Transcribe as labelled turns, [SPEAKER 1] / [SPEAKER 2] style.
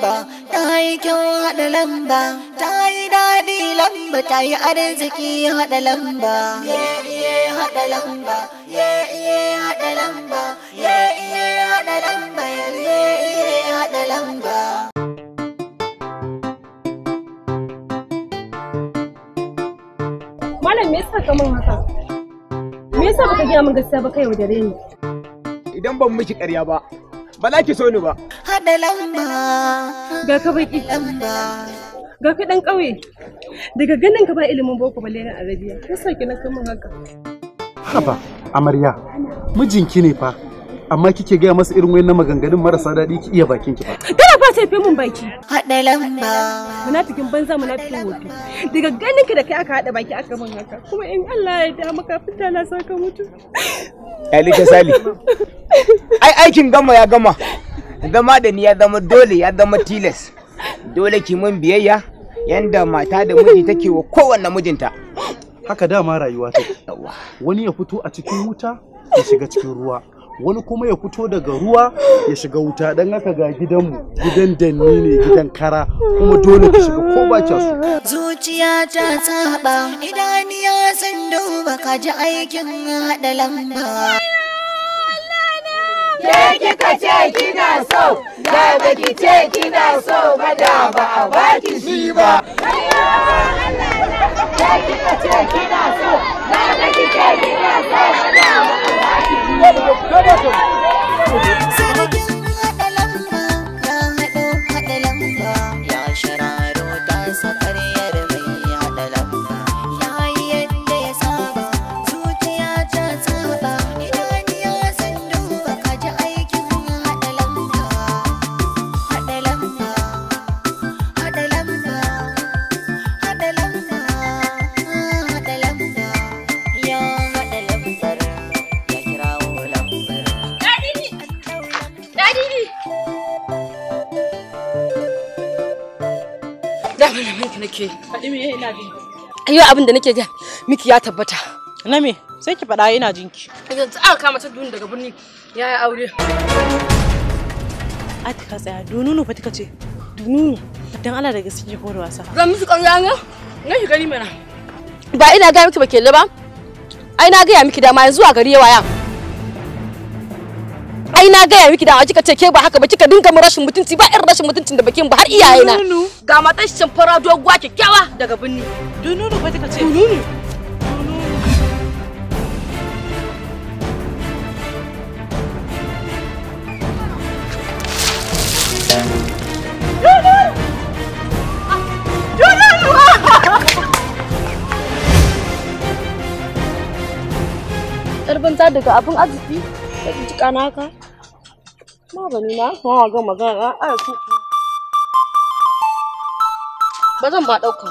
[SPEAKER 1] lamba ta yi kyau haɗa lamba ta yi daɗi lamba ta yi arziki haɗa lamba ye ba haɗa lamba ye haɗa lamba haɗa lamba haɗa lamba Malam me yasa ka min haka? Me yasa baka gaya min gaskiya ba kai yaudare ni? Idan ban miki ƙarya ba, ba za ki so ni ba. haɗa lamba ga ka baki lamba ga ka ɗan ƙauye daga ganin ka ba ilimin boko balle na arabiya ya sauki na kama haka haba amarya mijinki ne fa amma kike gaya masa irin wayannan maganganun marasa daɗi ki iya bakin ki fa kada ba sai mun baki haɗa lamba munafikin banza munafikin wofi daga ganin ki da kai aka haɗa baki aka mun haka kuma in Allah ya da maka fita na saka mutu Ali ta sali ai aikin gama ya gama zama da ni ya zama dole ya zama tilas dole ki mun biyayya yanda mata da miji take wa kowanne mijinta haka dama rayuwa ta wani ya fito a cikin wuta ya shiga cikin ruwa wani kuma ya fito daga ruwa ya shiga wuta dan haka ga gidanmu gidan danni ne gidan kara kuma dole ka shiga ko ba so zuciya ta idan ya san duba ka ji aikin haɗa lamba Ke kika ce kina so, da baki ce kina so ba da ba a ki shi ba. Ke kika ce kina so, da baki ce kina so ba da ba a ki shi ba. nake. Faɗi me ina jin. Yau abin da nake ga miki ya tabbata. Na me? Sai ki faɗa ina jinki. Yanzu aka kama ta duni daga birni yaya aure. a Atika tsaya, dununu fa ce. Dununu. Dan Allah da gaske ki kore wasa. Zan musu ƙarya ne? Na shi gani mana. Ba ina ga miki ba kelle ba. Ai na ga ya miki dama yanzu a gari yawa ya. ai na gaya miki da kika ce ke ba haka ba kika dinga mu rashin mutunci ba irin rashin mutuncin da bakin ba har iyaye na ga matan shi fara doguwa kyakkyawa daga binni dununu ba kika ce dununu Ƙarfin daga abin arziki da ji kanaka magani na kuma ga magana a su ba zan ba ɗauka